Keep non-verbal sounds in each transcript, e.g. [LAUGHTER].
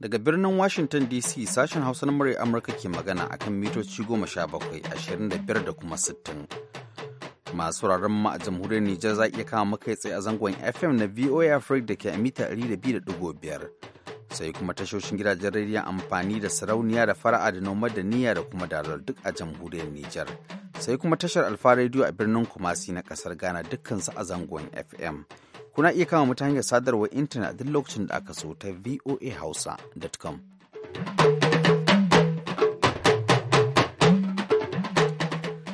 Daga birnin Washington DC sashen Hausa na murya Amurka ke magana akan mitoci goma sha bakwai, ashirin da biyar da kuma sittin. Masu wuraren ma a jamhuriyar Nijar za iya kama makai tsaye a zangon FM na VOA Africa da ke a mita 200.5. Sai kuma tashoshin gidajen rediyon amfani da sarauniya da fara'a da noma da niyya da kuma dalar duk a jamhuriyar Nijar. sai kuma tashar Alfa Radio a birnin Kumasi na kasar Ghana dukkansu a zangon FM. Kuna iya kama mu ta hanyar sadarwar intanet duk lokacin da aka so ta voahausa.com.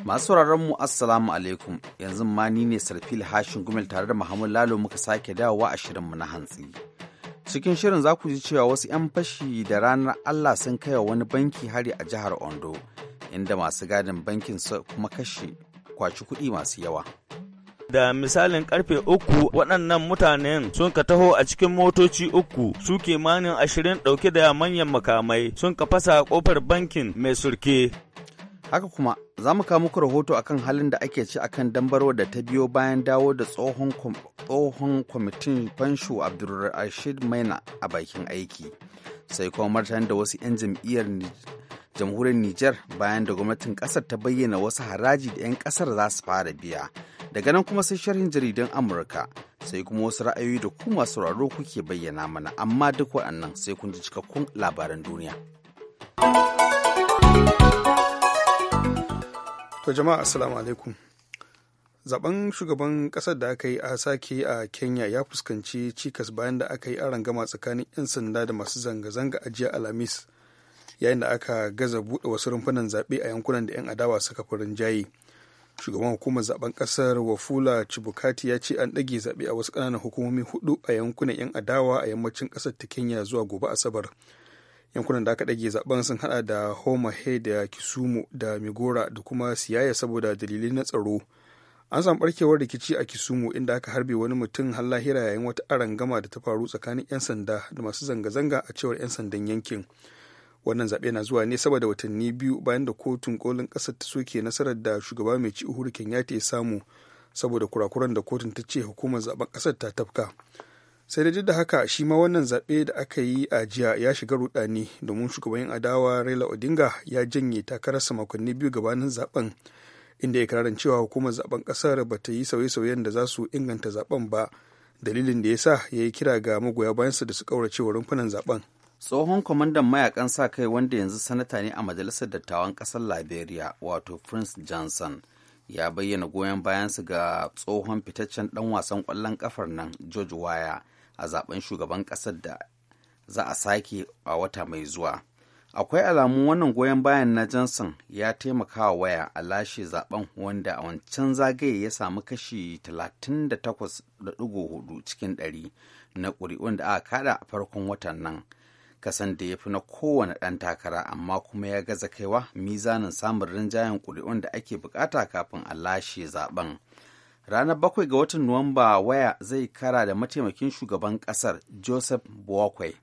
Masu mu Assalamu alaikum yanzu ma ni ne Sarfil Hashin Gumel tare da Muhammad Lalo muka sake dawowa a shirinmu na hantsi. Cikin shirin za ku ji cewa wasu 'yan fashi da ranar Allah sun kai wa wani banki hari a jihar Ondo. inda masu gadin bankin su kuma kashe kwaci kuɗi masu yawa. da misalin karfe uku waɗannan mutanen sun ka taho a cikin motoci uku su manin ashirin ɗauke da manyan makamai sun ka fasa ƙofar bankin mai surke. Haka kuma za mu kawo muku rahoto akan halin da ake ci akan dambarwa da ta biyo bayan dawo da tsohon kwamitin fanshu Abdulrashid Maina a bakin aiki. Sai kuma martani da wasu 'yan jam'iyyar jamhuriyar Nijar bayan da gwamnatin kasar ta bayyana wasu haraji da 'yan kasar za su fara biya. Daga nan kuma sai sharhin jaridan Amurka sai kuma wasu ra'ayoyi da ku masu sauraro kuke bayyana mana amma duk waɗannan sai kun ji cikakkun labaran duniya. To jama'a assalamu alaikum. Zaben shugaban ƙasar da aka yi a sake a Kenya ya fuskanci cikas bayan da aka yi a rangama tsakanin 'yan sanda da masu zanga-zanga a jiya Alhamis. yayin da aka gaza buɗe wasu rumfunan zaɓe a yankunan da 'yan adawa suka fi rinjaye shugaban hukumar zaben ƙasar wafula chibukati ya ce an ɗage zaɓe a wasu ƙananan hukumomi hudu a yankunan 'yan adawa a yammacin ƙasar ta kenya zuwa gobe asabar yankunan da aka ɗage zaben sun hada da he da kisumu da migora da kuma siyaya saboda dalilai na tsaro an samu barkewar rikici a kisumu inda aka harbe wani mutum har lahira yayin wata arangama da ta faru tsakanin 'yan sanda da masu zanga-zanga a cewar 'yan sandan yankin wannan zaɓe na zuwa ne saboda watanni biyu bayan da kotun kolin ƙasar ta soke nasarar da shugaba mai ci uhuru kenyatta ya samu saboda kurakuran da kotun ta ce hukumar zaben ƙasar ta tafka sai da da haka shi ma wannan zaɓe da aka yi a jiya ya shiga rudani domin shugaban adawa raila odinga ya janye takararsa makonni biyu gabanin zaben inda ya kirarin cewa hukumar zaben ƙasar ba ta yi sauye-sauyen da za su inganta zaben ba dalilin da ya sa ya yi kira ga magoya bayansa da su ƙaurace wa rumfunan zaben tsohon kwamandan mayakan sa kai wanda yanzu sanata ne a majalisar dattawan kasar liberia wato prince johnson ya bayyana goyon bayansu ga tsohon fitaccen ɗan wasan kwallon ƙafar nan george waya a zaben shugaban ƙasar da za a sake a wata mai zuwa akwai alamun wannan goyon bayan na johnson ya taimaka wa waya a lashe zaben wanda a wancan zagaye ya samu kashi 38.4 cikin 100 na ƙuri'un da aka kada a farkon watan nan kasan da ya fi na kowane ɗan takara amma kuma ya gaza kaiwa mizanin samun rinjayen ƙuri'un da ake bukata kafin a lashe zaben ranar bakwai ga watan nuwamba waya zai kara da mataimakin shugaban ƙasar joseph bokwai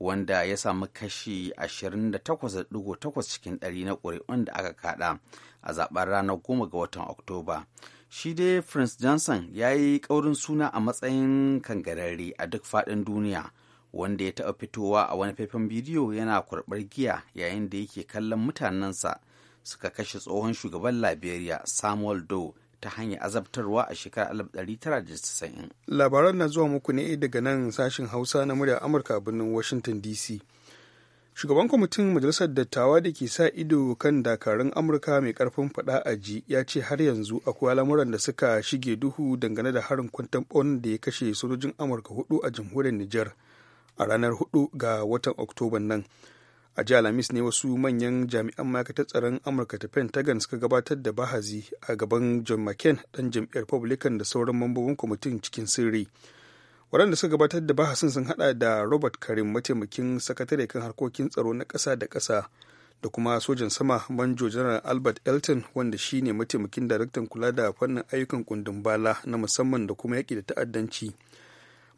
wanda ya samu kashi 28.8 cikin ɗari na ƙuri'un da aka kaɗa a zaben ranar 10 ga watan Oktoba. Shi dai Prince Johnson ya yi ƙaurin suna a matsayin kangararre a duk faɗin duniya wanda ya taɓa fitowa a wani faifan bidiyo yana kurɓar giya yayin da yake kallon mutanensa suka kashe tsohon shugaban liberia samuel doe ta hanyar azabtarwa a shekarar 1990 labaran na zuwa muku ne daga nan sashen hausa na murya amurka a birnin washington dc shugaban kwamitin majalisar dattawa da ke sa ido kan dakarun amurka mai karfin fada a ji ya ce har yanzu akwai lamuran da suka shige duhu dangane da harin kwantan da ya kashe sojojin amurka hudu a jamhuriyar nijar a ranar 4 ga watan oktoban nan a jiya alhamis ne wasu manyan jami'an ma'aikatar tsaron amurka ta pentagon suka gabatar da bahazi a gaban john mccain dan jam'iyyar republican da sauran mambobin kwamitin cikin sirri waɗanda suka gabatar da bahasin sun hada da robert karim mataimakin sakatare kan harkokin tsaro na ƙasa da ƙasa da kuma sojan sama manjo janar albert elton wanda shi ne mataimakin daraktan kula da fannin ayyukan kundin bala na musamman da kuma yaƙi da ta'addanci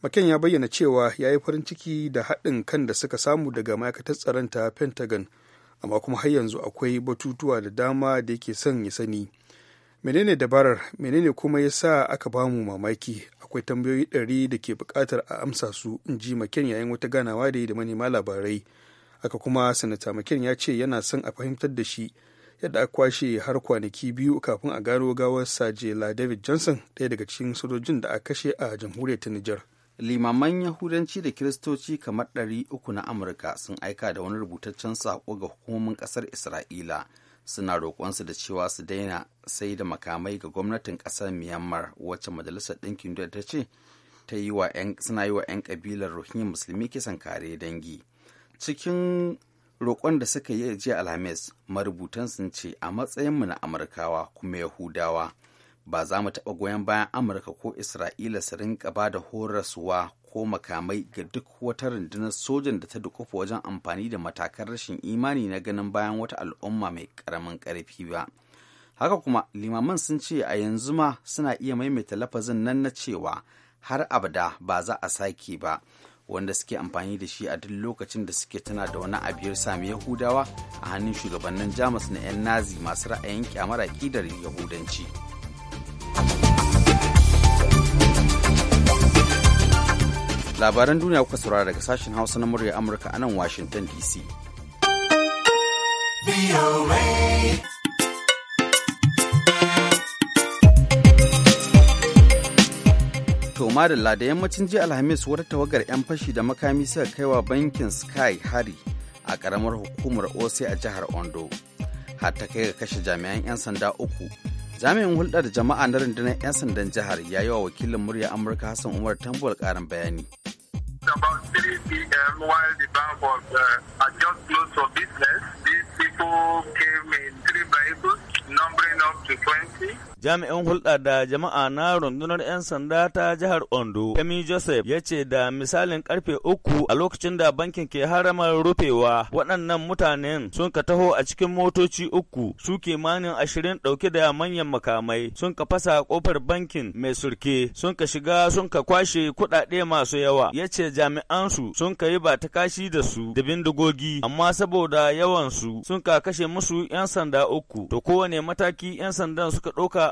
maken ya bayyana cewa ya yi farin ciki da haɗin kan da suka samu daga ma'aikatar tsaron ta pentagon amma kuma har yanzu akwai batutuwa da dama da yake son ya sani menene dabarar menene kuma ya sa aka bamu mamaki akwai tambayoyi ɗari da ke buƙatar a amsa su in ji maken yayin wata ganawa da yi da manema labarai haka kuma sanata maken ya ce yana son a fahimtar da shi yadda aka kwashe har kwanaki biyu kafin a gano gawar sajela david johnson ɗaya daga cikin sojojin da aka kashe a jamhuriyar ta nijar limaman yahudanci da kiristoci kamar ɗari uku na amurka sun aika da wani rubutaccen saƙo ga hukumomin ƙasar isra'ila suna roƙonsu da cewa su daina sai da makamai ga gwamnatin ƙasar myanmar wacce majalisar ɗinkin duniya ta ce suna yi wa 'yan ƙabilar rohingya musulmi kisan kare dangi cikin roƙon da suka yi jiya alhamis marubutan sun ce a matsayinmu na amurkawa kuma yahudawa ba za mu taɓa goyon bayan amurka ko isra'ila su rinka ba da horaswa ko makamai ga duk wata rundunar sojan da ta dukufa wajen amfani da matakan rashin imani na ganin bayan wata al'umma mai ƙaramin ƙarfi ba haka kuma limaman sun ce a yanzu ma suna iya maimaita lafazin nan na cewa har abada ba za a sake ba wanda suke amfani da shi a duk lokacin da suke tana da wani abiyar sami yahudawa a hannun shugabannin jamus na 'yan nazi masu ra'ayin kyamara aƙidar yahudanci. labaran duniya kuka saurara daga sashen hausa na murya amurka a nan washington dc to madalla da yammacin jiya alhamis wata tawagar 'yan fashi da makami suka kai wa bankin sky hari a karamar hukumar ose a jihar ondo hatta kai ga kashe jami'an 'yan sanda uku jami'in hulɗar jama'a na rundunar 'yan sandan jihar ya yi wa wakilin murya amurka hassan umar tambuwar karin bayani 3 p.m. while the bank numbering up to 20. jami'in hulɗa da jama'a na rundunar 'yan sanda ta jihar ondo kemi joseph ya ce da misalin karfe uku a lokacin da bankin ke haramar rufewa waɗannan mutanen sun ka taho a cikin motoci uku su kimanin ashirin ɗauke da manyan makamai sun ka fasa kofar bankin mai surke sun ka shiga sun ka kwashe kuɗaɗe masu yawa ya ce jami'an su sun ka yi ba ta kashi da su da bindigogi amma saboda yawan su sun ka kashe musu 'yan sanda uku to kowane mataki 'yan sandan suka ɗauka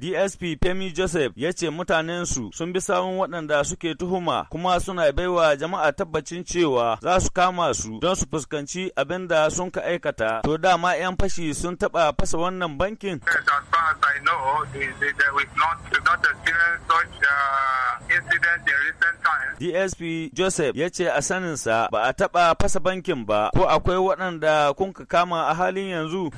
DSP Femi Joseph ya ce mutanensu sun bi sawun waɗanda suke tuhuma kuma suna baiwa jama'a tabbacin cewa za su kama su don su fuskanci abin da sun ka aikata. To dama 'yan fashi sun taɓa fasa wannan bankin. DSP uh, Joseph ya ce a saninsa ba a taɓa fasa bankin ba ko akwai waɗanda kun ka kama a halin yanzu.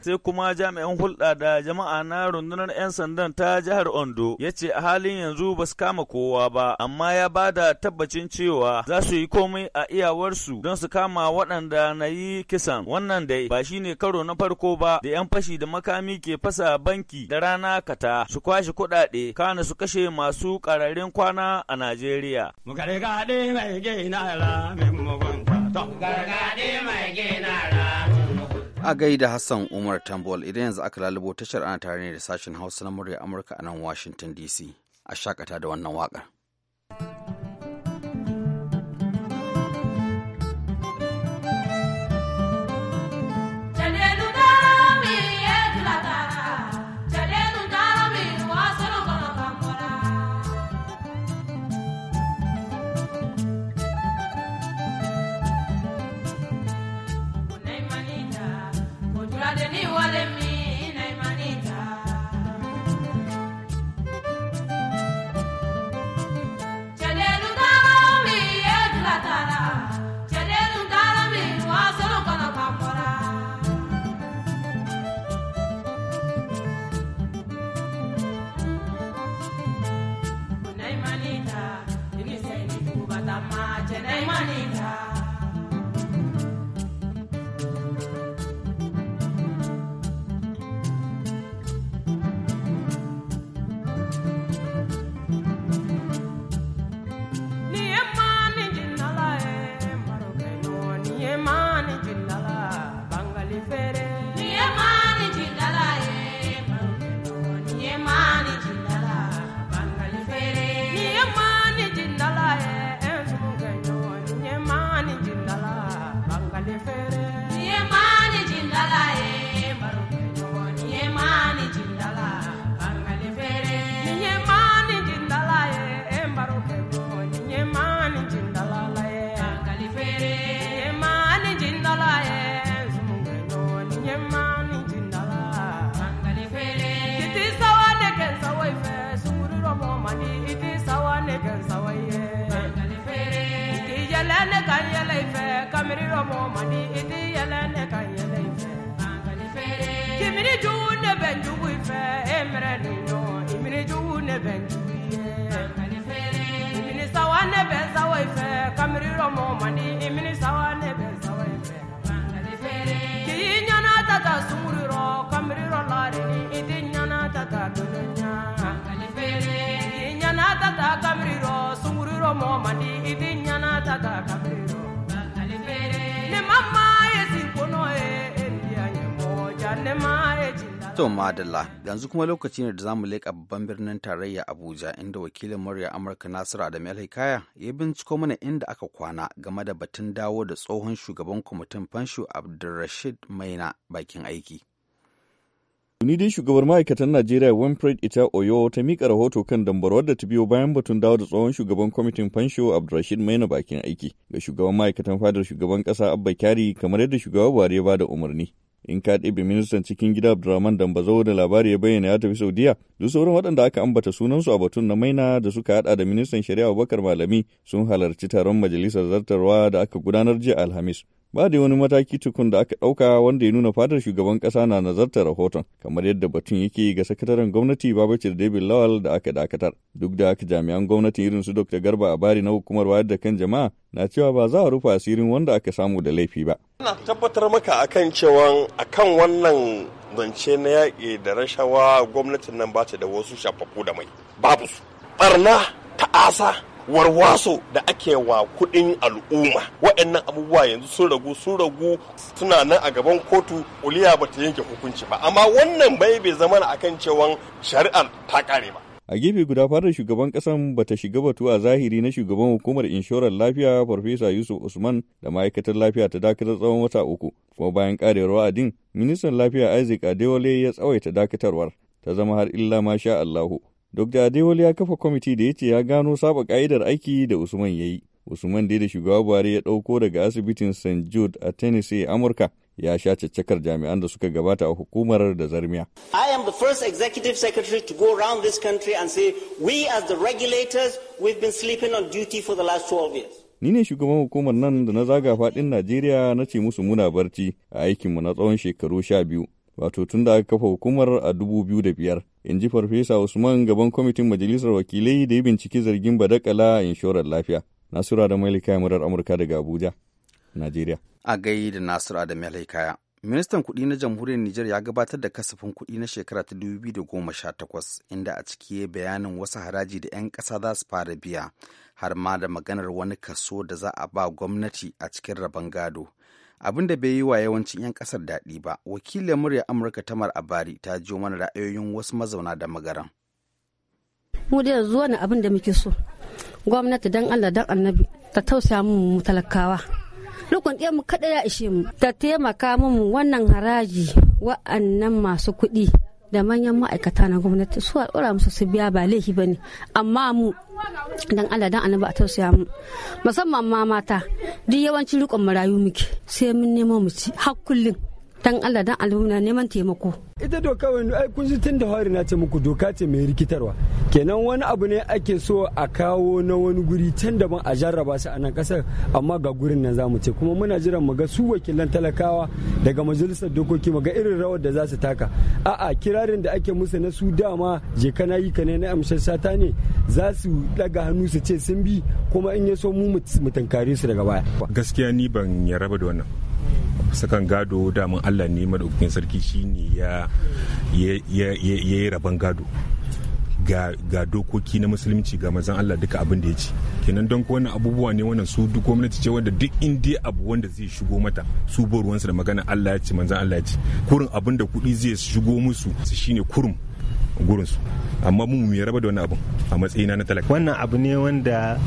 Sai kuma jami'an hulɗa da jama'a na na rundunar 'yan sandan ta jihar Ondo ya ce a halin yanzu ba su kama kowa ba, amma ya ba da tabbacin cewa za su yi komai a iyawarsu don su kama waɗanda na yi kisan. Wannan dai ba shi ne karo na farko ba da 'yan fashi da makami ke fasa banki da rana kata su kwashe kuɗaɗe kana su kashe masu ƙararin kwana a Najeriya. Gargaɗe a gaida Hassan Umar Tambol idan yanzu aka lalubo tashar ana tare ne da sashen Hausa na murya Amurka a nan Washington DC. A shakata da wannan waƙar. dɔ mɔ mandi i sawa ne bɛ sawa in fɛ k'i ɲana ta ta sunguri rɔ kanbiri rɔ ni i ti ɲana ta ta dolo k'i ɲana ta ta kanbiri rɔ sunguri rɔ mandi i ti ɲana ta ta kanbiri rɔ ni ma maa ye si e ni yan ye ja ne ma To madala yanzu kuma lokaci ne da zamu leƙa babban birnin tarayya Abuja inda wakilin murya Amurka Nasiru Adam kaya ya binciko mana inda aka kwana game da batun dawo da tsohon shugaban kwamitin fansho Abdulrashid Maina bakin aiki. Tuni dai shugabar ma'aikatan Najeriya Winfred Ita Oyo ta mika rahoto kan dambarwar da ta biyo bayan batun dawo da tsohon shugaban kwamitin fansho Abdulrashid Maina bakin aiki ga shugaban ma'aikatan fadar shugaban kasa Abba Kyari kamar yadda shugaba Buhari ya bada umarni. in ka ɗebe ministan cikin gida Abdulrahman Dambazo da labari ya bayyana ya tafi Saudiya duk sauran waɗanda aka ambata sunansu a batun na maina da suka hada da ministan shari'a Abubakar Malami sun halarci taron majalisar zartarwa da aka gudanar jiya Alhamis. Ba da wani mataki tukun da aka ɗauka wanda ya nuna fadar shugaban ƙasa na nazartar rahoton, kamar yadda batun yake ga sakataren gwamnati Babacir David Lawal da aka dakatar. Duk da haka jami'an gwamnati irin su Dr. Garba a bari na hukumar wayar da kan jama'a na cewa ba za a rufe asirin wanda aka samu da laifi ba. Ina tabbatar maka akan cewa akan wannan zance na yaƙi da rashawa gwamnatin nan ba ta da wasu shafafu da mai babu su barna ta'asa warwaso da ake wa kuɗin al'umma waɗannan abubuwa yanzu sun ragu sun ragu suna nan a gaban kotu uliya ba ta yanke hukunci ba amma wannan bai bai zama akan cewa shari'ar ta ƙare ba a gefe guda da shugaban kasan bata shiga batu a zahiri na shugaban hukumar inshorar lafiya farfesa yusuf usman da ma'aikatar lafiya ta dakatar tsawon wata uku kuma bayan karewar wa'adin ministan lafiya isaac adewale ya tsawaita dakatarwar ta zama har illa ma sha allahu dr adewale ya kafa kwamiti da ya ce ya gano saba ka'idar aiki da usman ya yi usman dai da shugaba buhari ya ɗauko daga asibitin st jude a tennessee amurka ya sha caccakar jami'an da suka gabata a hukumar da zarmiya. I am the first executive secretary to go around this country and say we as the regulators we've been sleeping on duty for the last 12 years. Ni ne shugaban hukumar nan da na zaga faɗin Najeriya na ce musu muna barci a aikinmu na tsawon shekaru sha biyu. Wato tun da aka kafa hukumar a dubu biyu da biyar. In ji Farfesa Usman gaban kwamitin majalisar wakilai da ya binciki zargin badakala a inshorar lafiya. Nasura da Malika Murar Amurka daga Abuja, Najeriya. a gai da Nasiru Adam kaya Ministan kuɗi na jamhuriyar Nijar ya gabatar da kasafin kuɗi na shekara ta 2018 inda a ciki ya bayanin wasu haraji da 'yan ƙasa za su fara biya har ma da maganar wani kaso da za a ba gwamnati a cikin rabon gado. Abin da bai yi wa yawancin 'yan ƙasar daɗi ba, wakilin murya Amurka Tamar Abari ta jiyo mana ra'ayoyin wasu mazauna da magaran. Mu da zuwa wani abin da muke so. Gwamnati dan Allah dan Annabi ta tausaya mu talakawa. rukun ɗaya mu kaɗai ya ishe mu ta taimaka mu wannan haraji wa'annan masu kuɗi da manyan ma'aikata na gwamnati su al'ura musu su biya ba laifi ba ne amma mu dan Allah dan annabi a tausaya mu musamman ma mata duk yawancin rikon marayu muke sai mun nemo mu ci har kullum dan Allah dan alhuna neman taimako ita doka wani ai kun tun da hari na ce muku doka ce mai rikitarwa kenan wani abu ne ake so a kawo na wani guri can daban a jarraba shi a nan kasar amma ga gurin nan zamu ce kuma muna jiran mu ga su wakilan talakawa daga majalisar dokoki mu ga irin rawar da za su taka a'a kirarin da ake musu na su dama je kana yi ka ne na amshar sata ne za su daga hannu su ce sun bi kuma in ya so mu mu tankare su daga baya gaskiya ni ban yaraba da wannan sakan gado damin allah ne madaukakin sarki shine ya yi rabon gado ga dokoki na musulunci ga mazan Allah duka abin da ya ci kenan don ko wannan abubuwa ne wannan su duk gwamnati ce wanda duk indiya abu wanda zai shigo mata su boruwansu da magana Allah ya ci manzan Allah ya ci kurin abin da kuɗi zai shigo musu su shine kurum gurinsu amma mu mu raba da wani abin a matsayina na talaka wannan abu ne wanda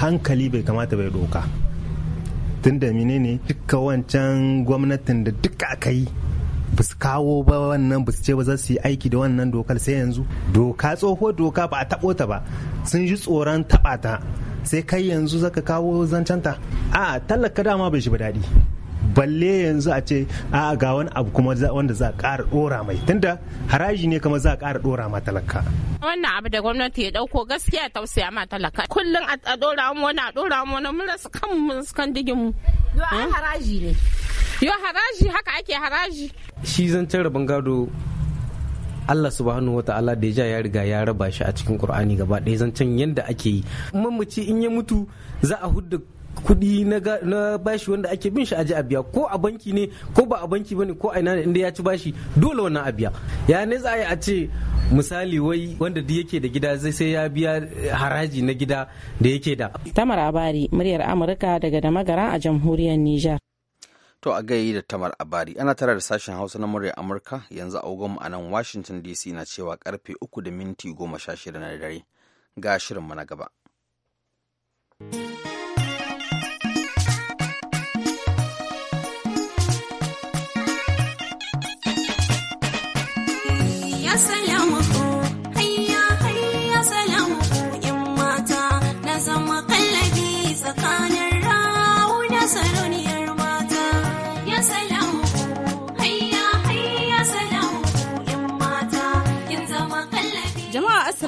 hankali bai kamata bai doka tun da menene duka wancan gwamnatin da duka aka yi ba su kawo ba wannan ba su ce ba za su yi aiki da wannan dokar sai yanzu doka tsoho doka ba a taɓo ta ba sun ji tsoron taɓa ta sai kai yanzu zaka kawo zancanta a tallaka dama bai shi ba daɗi balle yanzu a ce a ga wani abu kuma wanda za a ƙara ɗora mai tunda haraji ne kuma za a ƙara ɗora ma talaka wannan abu da gwamnati ya dauko gaskiya tausaya ma talaka kullum a ɗora mu wani a ɗora mu wani mun rasa kanmu mun rasa digin mu haraji ne yo haraji haka ake haraji shi zancen rabin gado Allah subhanahu wa ta'ala da ja ya riga ya raba shi a cikin Qur'ani gaba ɗaya zancen yadda ake yi mamaci in ya mutu za a hudu. kuɗi na bashi wanda ake bin shi aje a biya ko a banki ne ko ba a banki bane ko a ina ne inda ya ci bashi dole wannan a biya ya ne za a yi a ce misali wai wanda duk yake da gida zai sai ya biya haraji na gida da yake da tamar abari muryar amurka daga damagara a jamhuriyar niger To a gayi da tamar abari ana tara da sashen hausa na murya amurka yanzu agogon a nan washington dc na cewa karfe uku da minti goma sha shida na dare ga shirinmu na gaba.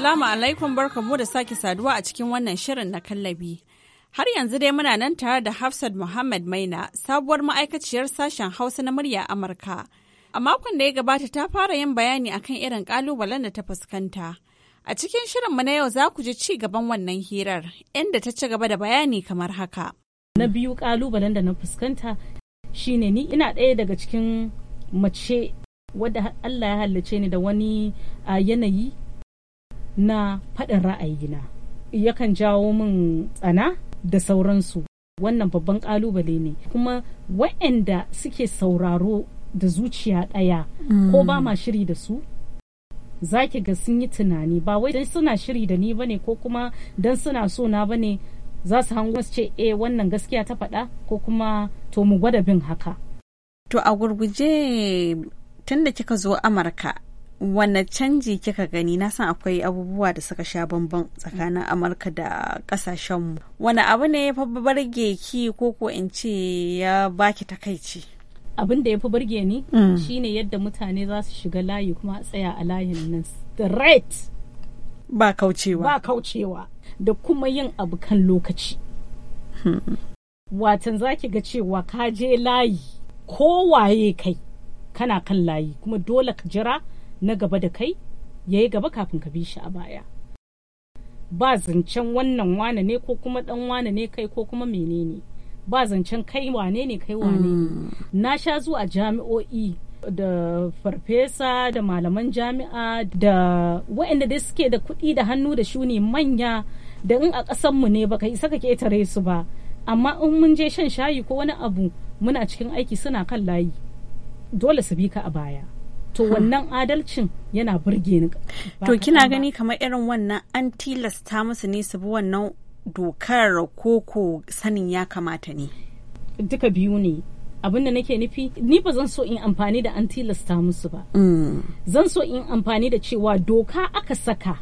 Assalamu alaikum barkamu da sake saduwa a cikin wannan shirin na kallabi. Har yanzu dai muna nan tare da Hafsat Muhammad Maina, sabuwar ma'aikaciyar sashen Hausa na murya Amurka. A makon da ya gabata ta fara yin bayani akan irin kalubalen da ta fuskanta. A cikin shirin mu na yau za ku ji ci gaban wannan hirar, inda ta ci gaba da bayani kamar haka. Na biyu kalubalen da na fuskanta shine ni ina ɗaya daga cikin mace wadda Allah ya halicce ni da wani yanayi na faɗin ra'ayina yakan jawo min tsana da sauransu wannan babban ƙalubale ne kuma wa'anda suke sauraro da zuciya ɗaya ko ba ma shiri da su za ki ga sun yi tunani ba wai don suna shiri da ni ba ne ko kuma don suna so na ba ne za su hango su ce eh wannan gaskiya ta faɗa ko kuma to mu gwada bin haka to a gurguje tunda kika zo amurka wanne canji kika gani na san akwai abubuwa da suka sha bamban tsakanin amurka da kasashenmu wani abu ne ya fi barge ki ko ko in ce ya baki takaici abin da ya fi barge ni mm. shine yadda mutane za su shiga layi kuma tsaya a layin nan straight ba kaucewa ba kaucewa da kuma yin abu kan lokaci hmm. watan zaki ga cewa ka je layi waye kai kana kan layi kuma dole ka jira na gaba da kai ya yi gaba kafin ka bi shi a baya ba zancen wannan wane ne ko kuma dan wane ne kai ko kuma menene ba zancen kai wane ne kai wane ne mm. na sha zuwa jami'o'i da farfesa da malaman jami'a da waɗanda dai suke da kuɗi da hannu da shuni manya da in a ƙasanmu ne baka isa ka ketare su ba amma in mun je shan shayi ko wani abu muna cikin aiki suna kan layi dole su bi ka a baya to wannan adalcin yana burge ni to kina gani kamar irin wannan an tilasta musu ne su bi wannan dokar koko sanin ya kamata ne duka biyu ne abinda nake nufi ni ba zan so in amfani da an tilasta musu ba mm. zan so in amfani da cewa doka aka saka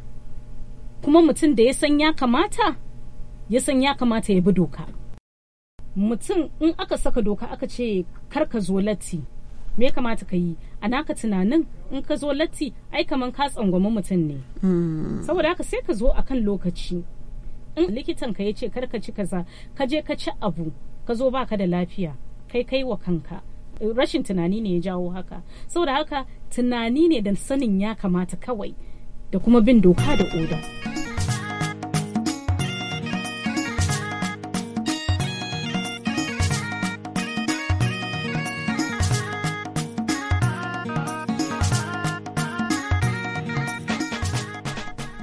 kuma mutum da ya san ya kamata ya san ya kamata ya bi doka mutum in aka saka doka aka ce karka zo latti me ya kamata ka yi a naka tunanin in ka zo latti ai kaman ka tsangwami mutum ne hmm. saboda haka sai ka zo a kan lokaci in likitan ka ya ce kar ka ci kaza ka je ka ci abu ka zo baka da lafiya kai kai wa kanka rashin tunani ne ya jawo haka saboda haka tunani ne da sanin ya kamata kawai da kuma bin doka da oda.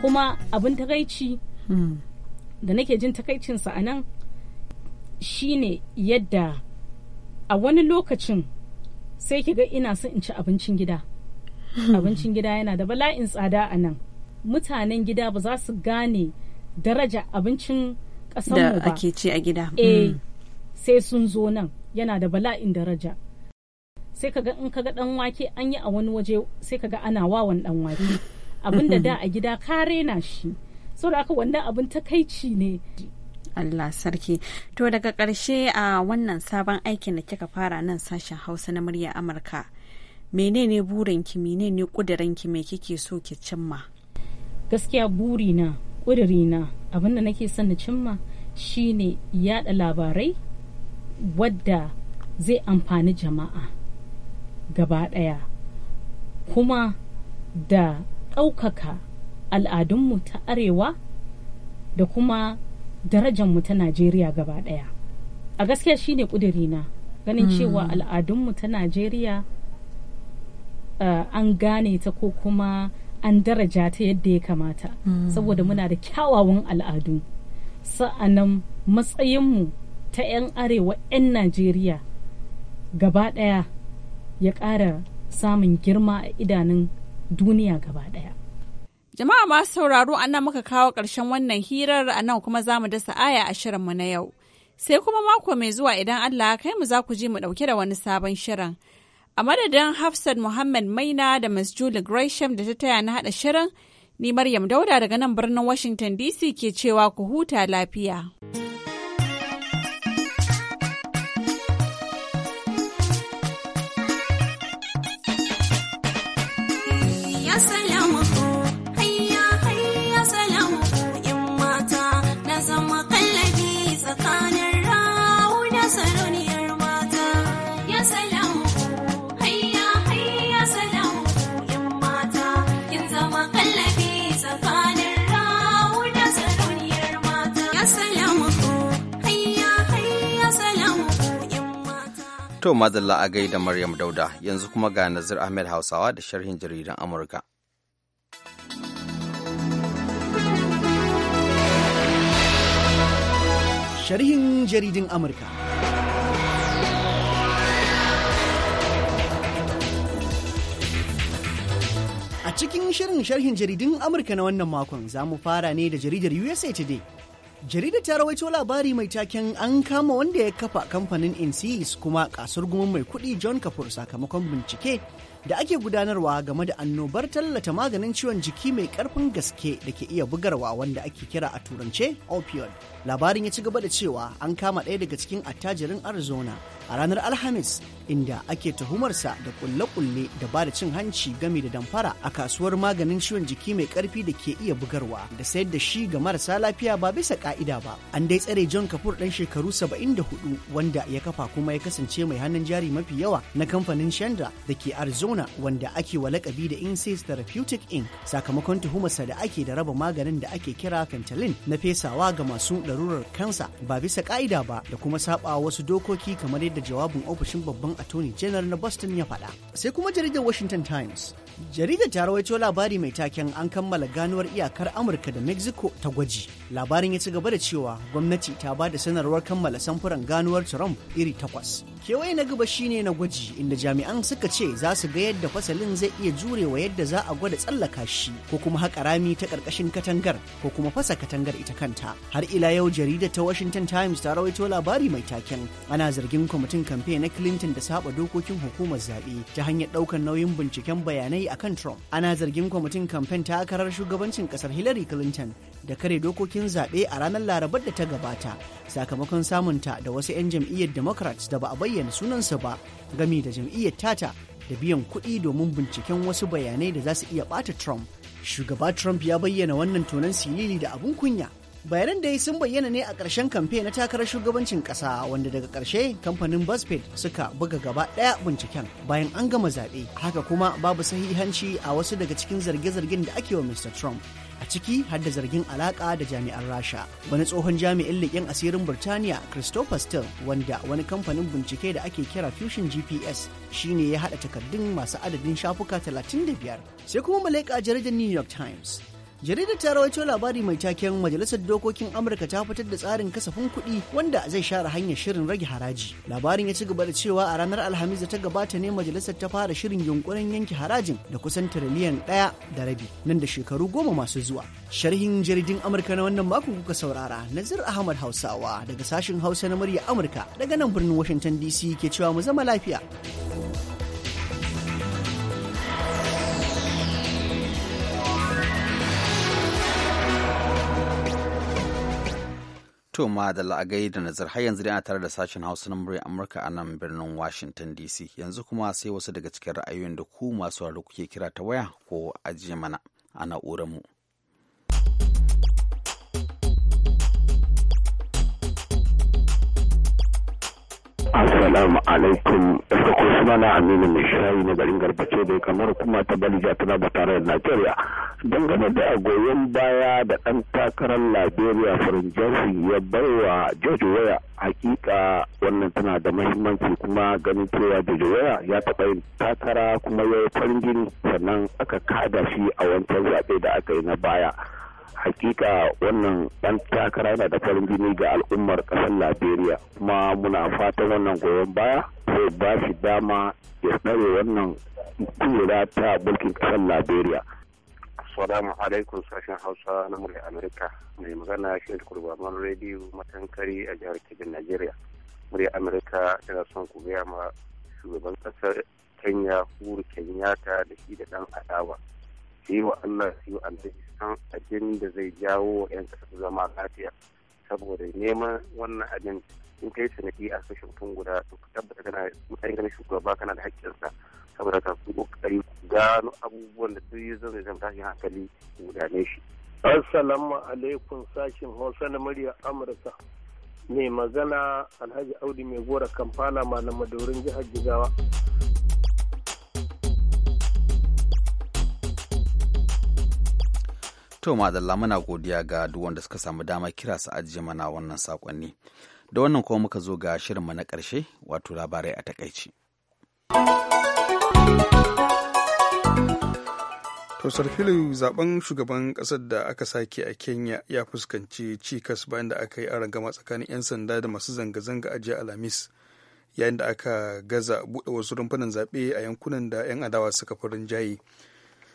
kuma abin takaici hmm. da nake jin takaicinsa a nan shine yadda a wani lokacin sai kiga ina son in ci abincin gida hmm. abincin gida yana da bala'in tsada a nan mutanen gida ba za su gane daraja abincin ƙasar ba ake ci a gida eh hmm. sai sun zo nan yana da bala'in daraja sai kaga in kaga dan wake an yi a wani waje sai kaga ana wawan dan wake abin da da [LAUGHS] a gida ka rena shi saboda aka wannan abin takaici ne Allah sarki. To daga ƙarshe a wannan sabon aikin da kika fara nan sashen Hausa na murya Amurka. Menene burinki, menene ƙudurinki mai kike so ki cimma? Gaskiya burina, ƙudurina, abin da nake son na cimma shine yada labarai wadda zai amfani jama'a gaba ɗaya. Kuma da ɗaukaka al'adunmu ta arewa da kuma mu ta najeriya gaba ɗaya a gaskiya shine ƙudurina ganin hmm. cewa al'adunmu ta najeriya uh, an gane ta ko kuma an daraja ta yadda ya kamata hmm. saboda muna da kyawawan al'adu sa'anan matsayinmu ta 'yan arewa 'yan najeriya gaba ɗaya ya ƙara samun girma a idanun duniya gaba daya. Jama'a masu sauraro an nan muka kawo ƙarshen wannan hirar a nan kuma za mu dasa aya a shirinmu na yau. Sai kuma mako mai zuwa idan Allah kai mu za ku ji mu ɗauke da wani sabon shirin. A madadin Hafsat Muhammad Maina da Ms. Julie Gresham da ta taya na haɗa shirin, ni Maryam Dauda daga nan birnin Washington DC ke cewa ku huta lafiya. To mazalla a gaida Maryam Dauda yanzu kuma ga Nazir Ahmed Hausawa da sharhin jaridan Amurka. Sharhin jaridin Amurka. A cikin shirin sharhin jaridun Amurka na wannan makon za mu fara ne da jaridar USA Today. jaridar ta rawaito labari mai taken an kama wanda ya kafa kamfanin insis kuma gumin mai kuɗi john Kapoor sakamakon bincike da ake gudanarwa game da annobar tallata maganin ciwon jiki mai karfin gaske da ke iya bugarwa wanda ake kira a turance opioid labarin ya ci gaba da cewa an kama ɗaya daga cikin attajirin arizona a ranar alhamis inda ake tuhumarsa da kulle-kulle da ba da cin hanci game da damfara a kasuwar maganin ciwon jiki mai karfi da ke iya bugarwa da sayar da shi ga marasa lafiya ba bisa ka'ida ba an dai tsare john kafur ɗan shekaru saba'in da hudu wanda ya kafa kuma ya kasance mai hannun jari mafi yawa na kamfanin shanda da ke arizona Arizona wanda ake wa lakabi da incest Therapeutic Inc. sakamakon tuhumarsa da ake da raba maganin da ake kira fentanyl na fesawa ga masu ɗarurar kansa ba bisa ka'ida ba da kuma saba wasu dokoki kamar yadda jawabin ofishin babban attorney general na Boston ya faɗa. Sai kuma jaridar Washington Times. Jaridar ta rawaito labari mai taken an kammala ganuwar iyakar Amurka da Mexico ta gwaji. Labarin ya ci gaba da cewa gwamnati ta ba da sanarwar kammala samfuran ganuwar Trump iri takwas. kewaye na gaba shine na gwaji inda jami'an suka ce za su ga yadda fasalin zai iya jurewa yadda za a gwada tsallaka shi ko kuma haƙa rami ta ƙarƙashin katangar ko kuma fasa katangar ita kanta har ila yau jaridar ta washington times ta rawaito labari mai taken ana zargin kwamitin kamfe na clinton da saba dokokin hukumar zaɓe ta hanyar ɗaukar nauyin binciken bayanai akan trump ana zargin kwamitin kamfen takarar shugabancin ƙasar hillary clinton da kare dokokin zaɓe a ranar larabar da ta gabata sakamakon samunta da wasu 'yan jam'iyyar democrats da ba a bayyana sunansa ba gami da jam'iyyar tata da biyan kuɗi domin binciken wasu bayanai da za su iya ɓata trump shugaba trump ya bayyana wannan tonon silili da abin kunya bayanan dai sun bayyana ne a ƙarshen kamfe na takarar shugabancin ƙasa wanda daga ƙarshe kamfanin buzzfeed suka buga gaba ɗaya binciken bayan an gama zaɓe haka kuma babu sahihanci a wasu daga cikin zarge-zargen da ake wa mr trump a ciki har da zargin alaka da jami'an rasha wani tsohon jami'in leƙen asirin birtaniya christopher still wanda wani kamfanin bincike da ake kira fusion gps shine ya haɗa takardun masu adadin shafuka 35 sai kuma malaika jaridar new york times jaridar ta rawaito labari mai taken majalisar dokokin amurka ta fitar da tsarin kasafin kuɗi wanda zai share hanyar shirin rage haraji labarin ya ci gaba da cewa a ranar alhamis da ta gabata ne majalisar ta fara shirin yunkurin yanke harajin da kusan tiriliyan ɗaya da rabi nan da shekaru goma masu zuwa sharhin jaridin amurka na wannan makon kuka saurara nazir ahmad hausawa daga sashen hausa na murya amurka daga nan birnin washington dc ke cewa mu zama lafiya To ma da la'agai da nazar har yanzu a tare da sashen Hausa na murya Amurka a nan birnin Washington DC. Yanzu kuma sai wasu daga cikin ra'ayoyin da ku masu wari kuke kira ta waya ko ajiye mana a na'urar mu. Assalamu alaikum. ko suna na Aminu Mai Shayi na garin Garbace da kamar kuma ta Balija tana ba tare da Najeriya. dangane da goyon baya da ɗan takarar liberia farin johnson ya wa george waya hakika wannan tana da mahimmanci kuma ganin cewa george waya ya taɓa yin takara kuma ya yi farin jini sannan aka kada shi a wancan zaɓe da aka yi na baya hakika wannan ɗan takara yana da farin jini ga al'ummar ƙasar liberia kuma muna fatan wannan goyon baya zai ba shi dama ya tsare wannan kujera ta mulkin ƙasar liberia Assalamu alaikum sashen Hausa na murya Amerika mai magana shi da kurbaman rediyo matankari a jihar Kebbi Najeriya. Murya Amerika tana son ku gaya ma shugaban kasar Kenya Uhuru Kenyatta da shi da dan adawa. Shi wa Allah shi wa allah san abin da zai jawo wa 'yan kasa zama lafiya. Saboda neman wannan abin in kai sanadi a sashen mutum guda to ka tabbata kana matsayin ganin shugaba kana da haƙƙinsa. saboda ta su kokari ku gano abubuwan da sai zan zai zama tashin hankali ku gudane shi assalamu alaikum sashin hausa na murya amurka mai magana alhaji audu mai gora kamfana malam madorin jihar jigawa To madalla muna godiya ga duk wanda suka samu dama kira su ajiye mana wannan sakonni. Da wannan kuma muka zo ga shirinmu na ƙarshe wato labarai a takaici. Profesor filu zaben shugaban kasar da aka sake a kenya ya fuskanci cikas bayan da aka yi rangama tsakanin 'yan sanda da masu zanga-zanga a jiya alhamis yayin da aka gaza buɗe wasu rumfunan zaɓe a yankunan da 'yan adawa suka farin rinjaye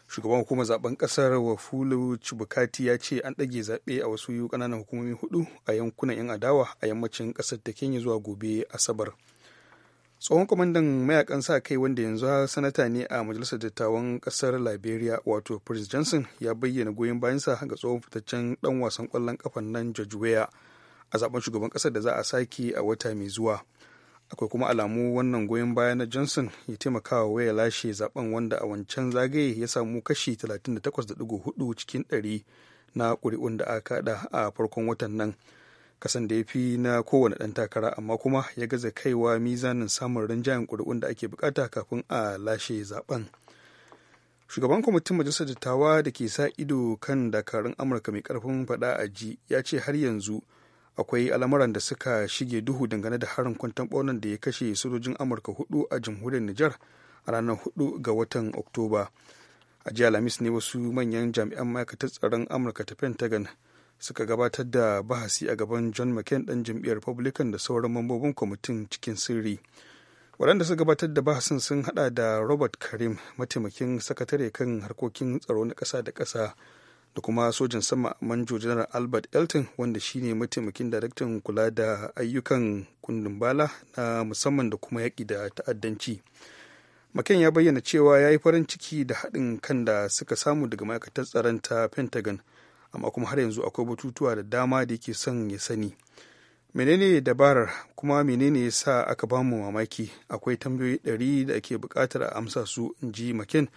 shugaban hukumar zaben kasar wafulu chibukati ya ce an ɗage zaɓe a wasu ƙananan hukumomi hudu a yankunan 'yan adawa a yammacin ƙasar ta kenya zuwa gobe asabar tsohon kwamandan mayakan sa kai wanda yanzu sanata ne a majalisar dattawan kasar liberia wato prince johnson ya bayyana goyon bayansa ga tsohon fitaccen dan wasan kwallon kafan nan george weah a zaben shugaban kasar da za a sake a wata mai zuwa akwai kuma alamu wannan goyon baya na johnson ya taimakawa waya lashe zaben wanda a wancan zagaye ya samu kashi 38.4 cikin 100 na ƙuri'un da aka kada a farkon watan nan kasan da ya fi na kowane ɗan takara amma kuma ya gaza kaiwa mizanin samun rinjayen ƙuri'un da ake bukata kafin a lashe zaben shugaban kwamitin majalisar dattawa da ke sa ido kan dakarun amurka mai karfin faɗa a ji ya ce har yanzu akwai al'amuran da suka shige duhu dangane da harin kwantan ɓaunan da ya kashe sojojin amurka hudu a jamhuriyar nijar a ranar hudu ga watan oktoba a jiya alhamis ne wasu manyan jami'an ma'aikatar tsaron amurka ta pentagon suka gabatar da bahasi a gaban john mccain dan jam'iyyar republican da sauran mambobin kwamitin cikin sirri waɗanda suka gabatar da bahasin sun hada da robert karim mataimakin sakatare kan harkokin tsaro na ƙasa da ƙasa da kuma sojin sama manjo janar albert elton wanda shine mataimakin daraktan kula da ayyukan kundin bala na musamman da kuma yaƙi da ta'addanci mccain ya bayyana cewa ya yi farin ciki da haɗin kan da suka samu daga ma'aikatar tsaron ta pentagon amma kuma har yanzu akwai batutuwa da dama da yake son ya sani menene dabarar kuma menene ya sa aka bamu mamaki akwai tambayoyi ɗari da ake buƙatar a amsa su in ji makin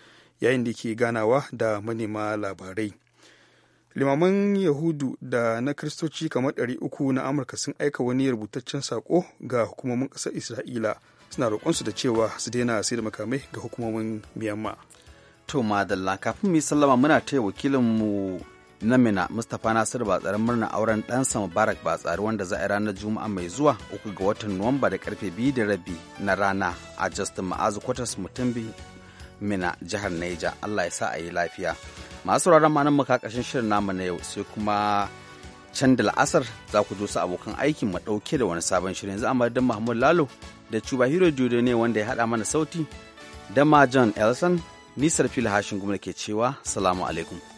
yayin da ke ganawa da manema labarai limaman yahudu da na kristoci kamar ɗari uku na amurka sun aika wani rubutaccen sako ga hukumomin ƙasar isra'ila suna roƙonsu da cewa su daina sai da makamai ga hukumomin miyamma to madalla kafin mu yi sallama muna taya wakilinmu na mina mustapha nasir batsaren murna auren ɗansa mubarak ba tsari wanda za a yi ranar juma'a mai zuwa uku ga watan nuwamba da karfe biyu da rabi na rana a justin ma'azu kwatas mutumbi mina jihar naija allah ya sa a yi lafiya masu raron ma nan muka kashin shirin namu na yau sai kuma can da la'asar za ku su abokan aikin mu ɗauke da wani sabon shirin yanzu amma dan mahmud lalo da cuba Hero Jude ne wanda ya haɗa mana sauti da ma john elson nisar Fili hashin da ke cewa salamu alaikum